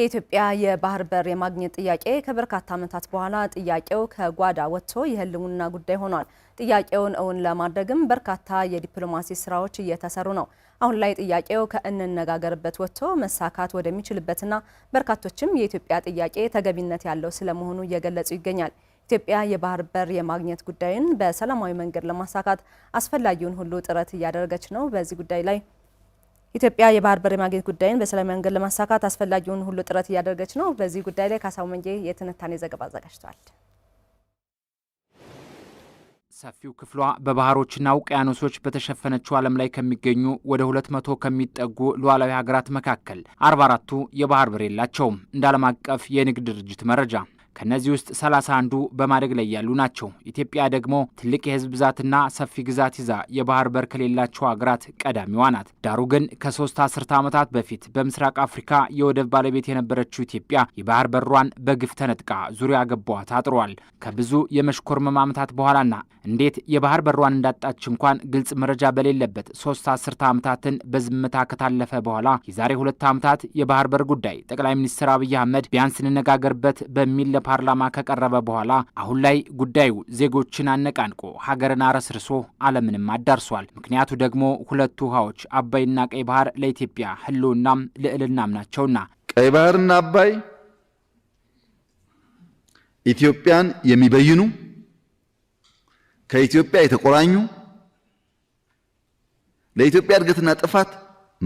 የኢትዮጵያ የባህር በር የማግኘት ጥያቄ ከበርካታ ዓመታት በኋላ ጥያቄው ከጓዳ ወጥቶ የህልውና ጉዳይ ሆኗል። ጥያቄውን እውን ለማድረግም በርካታ የዲፕሎማሲ ስራዎች እየተሰሩ ነው። አሁን ላይ ጥያቄው ከእንነጋገርበት ወጥቶ መሳካት ወደሚችልበትና በርካቶችም የኢትዮጵያ ጥያቄ ተገቢነት ያለው ስለመሆኑ እየገለጹ ይገኛል። ኢትዮጵያ የባህር በር የማግኘት ጉዳይን በሰላማዊ መንገድ ለማሳካት አስፈላጊውን ሁሉ ጥረት እያደረገች ነው። በዚህ ጉዳይ ላይ ኢትዮጵያ የባህር በር የማግኘት ጉዳይን በሰላማዊ መንገድ ለማሳካት አስፈላጊውን ሁሉ ጥረት እያደረገች ነው። በዚህ ጉዳይ ላይ ካሳው መንጄ የትንታኔ ዘገባ አዘጋጅቷል። ሰፊው ክፍሏ በባህሮችና ውቅያኖሶች በተሸፈነችው ዓለም ላይ ከሚገኙ ወደ ሁለት መቶ ከሚጠጉ ሉዓላዊ ሀገራት መካከል አርባ አራቱ የባህር በር የላቸውም። እንደ ዓለም አቀፍ የንግድ ድርጅት መረጃ ከእነዚህ ውስጥ ሰላሳ አንዱ በማደግ ላይ ያሉ ናቸው። ኢትዮጵያ ደግሞ ትልቅ የህዝብ ብዛትና ሰፊ ግዛት ይዛ የባህር በር ከሌላቸው ሀገራት ቀዳሚዋ ናት። ዳሩ ግን ከሶስት አስርተ ዓመታት በፊት በምስራቅ አፍሪካ የወደብ ባለቤት የነበረችው ኢትዮጵያ የባህር በሯን በግፍ ተነጥቃ ዙሪያ ገባዋ ታጥሯል። ከብዙ የመሽኮርመም ዓመታት በኋላና እንዴት የባህር በሯን እንዳጣች እንኳን ግልጽ መረጃ በሌለበት ሶስት አስርተ ዓመታትን በዝምታ ከታለፈ በኋላ የዛሬ ሁለት ዓመታት የባህር በር ጉዳይ ጠቅላይ ሚኒስትር አብይ አህመድ ቢያንስ እንነጋገርበት በሚል ፓርላማ ከቀረበ በኋላ አሁን ላይ ጉዳዩ ዜጎችን አነቃንቆ ሀገርን አረስርሶ ዓለምንም አዳርሷል። ምክንያቱ ደግሞ ሁለቱ ውሃዎች አባይና ቀይ ባህር ለኢትዮጵያ ህልውናም ልዕልናም ናቸውና ቀይ ባህርና አባይ ኢትዮጵያን የሚበይኑ ከኢትዮጵያ የተቆራኙ ለኢትዮጵያ እድገትና ጥፋት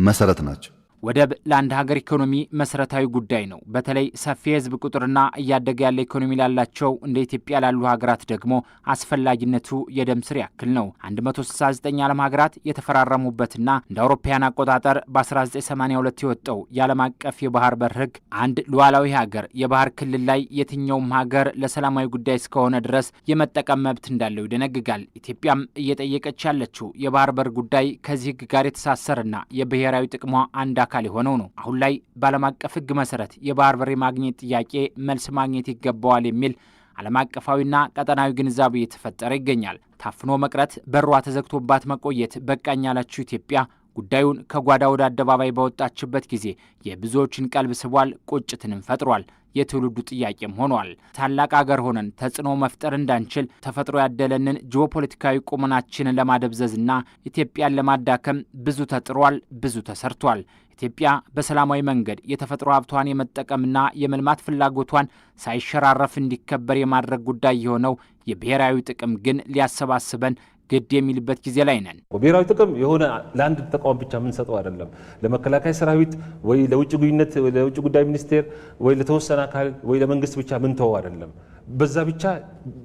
መሰረት ናቸው። ወደብ ለአንድ ሀገር ኢኮኖሚ መሰረታዊ ጉዳይ ነው። በተለይ ሰፊ የህዝብ ቁጥርና እያደገ ያለ ኢኮኖሚ ላላቸው እንደ ኢትዮጵያ ላሉ ሀገራት ደግሞ አስፈላጊነቱ የደም ስር ያክል ነው። 169 ዓለም ሀገራት የተፈራረሙበትና እንደ አውሮፓውያን አቆጣጠር በ1982 የወጣው የዓለም አቀፍ የባህር በር ህግ አንድ ሉዓላዊ ሀገር የባህር ክልል ላይ የትኛውም ሀገር ለሰላማዊ ጉዳይ እስከሆነ ድረስ የመጠቀም መብት እንዳለው ይደነግጋል። ኢትዮጵያም እየጠየቀች ያለችው የባህር በር ጉዳይ ከዚህ ህግ ጋር የተሳሰረና የብሔራዊ ጥቅሟ አንድ አካል አካል የሆነው ነው። አሁን ላይ በዓለም አቀፍ ሕግ መሰረት የባህር በር ማግኘት ጥያቄ መልስ ማግኘት ይገባዋል የሚል ዓለም አቀፋዊና ቀጠናዊ ግንዛቤ እየተፈጠረ ይገኛል። ታፍኖ መቅረት፣ በሯ ተዘግቶባት መቆየት በቃኝ ያላችው ኢትዮጵያ ጉዳዩን ከጓዳ ወደ አደባባይ ባወጣችበት ጊዜ የብዙዎችን ቀልብ ስቧል፣ ቁጭትንም ፈጥሯል፣ የትውልዱ ጥያቄም ሆኗል። ታላቅ አገር ሆነን ተጽዕኖ መፍጠር እንዳንችል ተፈጥሮ ያደለንን ጂኦፖለቲካዊ ቁመናችንን ለማደብዘዝና ኢትዮጵያን ለማዳከም ብዙ ተጥሯል፣ ብዙ ተሰርቷል። ኢትዮጵያ በሰላማዊ መንገድ የተፈጥሮ ሀብቷን የመጠቀምና የመልማት ፍላጎቷን ሳይሸራረፍ እንዲከበር የማድረግ ጉዳይ የሆነው የብሔራዊ ጥቅም ግን ሊያሰባስበን ግድ የሚልበት ጊዜ ላይ ነን። ብሔራዊ ጥቅም የሆነ ለአንድ ተቋም ብቻ የምንሰጠው አይደለም። ለመከላከያ ሰራዊት ወይ ለውጭ ግንኙነት፣ ለውጭ ጉዳይ ሚኒስቴር ወይ ለተወሰነ አካል ወይ ለመንግስት ብቻ ምንተው አይደለም። በዛ ብቻ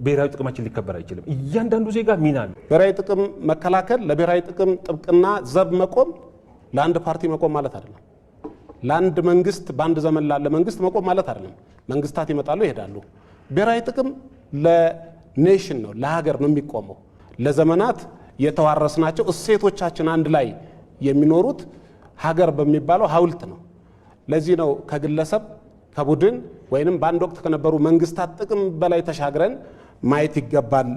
ብሔራዊ ጥቅማችን ሊከበር አይችልም። እያንዳንዱ ዜጋ ሚና አለ። ብሔራዊ ጥቅም መከላከል ለብሔራዊ ጥቅም ጥብቅና ዘብ መቆም ለአንድ ፓርቲ መቆም ማለት አይደለም። ለአንድ መንግስት በአንድ ዘመን ላለ መንግስት መቆም ማለት አይደለም። መንግስታት ይመጣሉ ይሄዳሉ። ብሔራዊ ጥቅም ለኔሽን ነው፣ ለሀገር ነው የሚቆመው ለዘመናት የተዋረስናቸው እሴቶቻችን አንድ ላይ የሚኖሩት ሀገር በሚባለው ሀውልት ነው። ለዚህ ነው ከግለሰብ ከቡድን ወይንም በአንድ ወቅት ከነበሩ መንግስታት ጥቅም በላይ ተሻግረን ማየት ይገባል።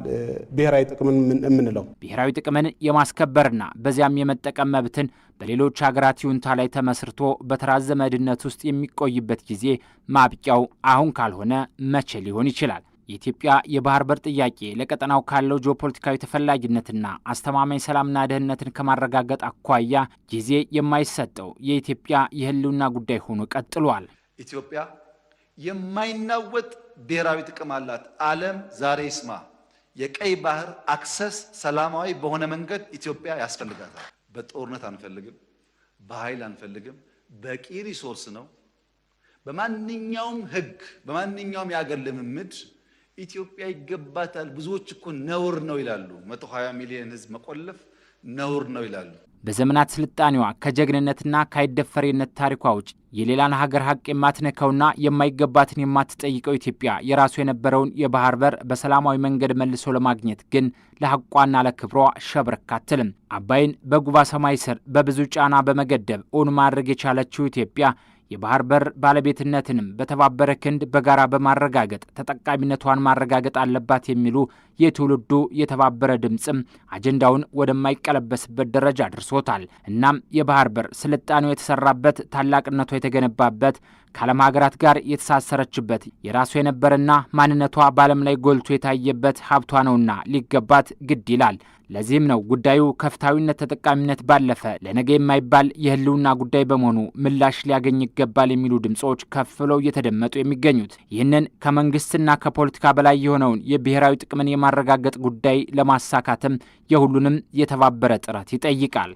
ብሔራዊ ጥቅምን የምንለው ብሔራዊ ጥቅምን የማስከበርና በዚያም የመጠቀም መብትን በሌሎች ሀገራት ይሁንታ ላይ ተመስርቶ በተራዘመ ድነት ውስጥ የሚቆይበት ጊዜ ማብቂያው አሁን ካልሆነ መቼ ሊሆን ይችላል? የኢትዮጵያ የባህር በር ጥያቄ ለቀጠናው ካለው ጂኦፖለቲካዊ ተፈላጊነትና አስተማማኝ ሰላምና ደህንነትን ከማረጋገጥ አኳያ ጊዜ የማይሰጠው የኢትዮጵያ የህልውና ጉዳይ ሆኖ ቀጥሏል። ኢትዮጵያ የማይናወጥ ብሔራዊ ጥቅም አላት። ዓለም ዛሬ ይስማ፣ የቀይ ባህር አክሰስ ሰላማዊ በሆነ መንገድ ኢትዮጵያ ያስፈልጋታል። በጦርነት አንፈልግም፣ በኃይል አንፈልግም። በቂ ሪሶርስ ነው። በማንኛውም ሕግ በማንኛውም የአገር ልምምድ ኢትዮጵያ ይገባታል። ብዙዎች እኮ ነውር ነው ይላሉ። 120 ሚሊዮን ህዝብ መቆለፍ ነውር ነው ይላሉ። በዘመናት ስልጣኔዋ ከጀግንነትና ካይደፈሬነት ታሪኳ ውጭ የሌላን ሀገር ሀቅ የማትነካውና የማይገባትን የማትጠይቀው ኢትዮጵያ የራሱ የነበረውን የባህር በር በሰላማዊ መንገድ መልሶ ለማግኘት ግን ለሀቋና ለክብሯ ሸብረክ አትልም። አባይን በጉባ ሰማይ ስር በብዙ ጫና በመገደብ እውን ማድረግ የቻለችው ኢትዮጵያ የባህር በር ባለቤትነትንም በተባበረ ክንድ በጋራ በማረጋገጥ ተጠቃሚነቷን ማረጋገጥ አለባት የሚሉ የትውልዱ የተባበረ ድምፅም አጀንዳውን ወደማይቀለበስበት ደረጃ አድርሶታል። እናም የባህር በር ስልጣኔው የተሰራበት ታላቅነቱ የተገነባበት ከዓለም ሀገራት ጋር የተሳሰረችበት የራሱ የነበረና ማንነቷ በዓለም ላይ ጎልቶ የታየበት ሀብቷ ነውና ሊገባት ግድ ይላል። ለዚህም ነው ጉዳዩ ከፍትሐዊነት ተጠቃሚነት ባለፈ ለነገ የማይባል የህልውና ጉዳይ በመሆኑ ምላሽ ሊያገኝ ይገባል የሚሉ ድምፆች ከፍለው እየተደመጡ የሚገኙት። ይህንን ከመንግስትና ከፖለቲካ በላይ የሆነውን የብሔራዊ ጥቅምን የማ የማረጋገጥ ጉዳይ ለማሳካትም የሁሉንም የተባበረ ጥረት ይጠይቃል።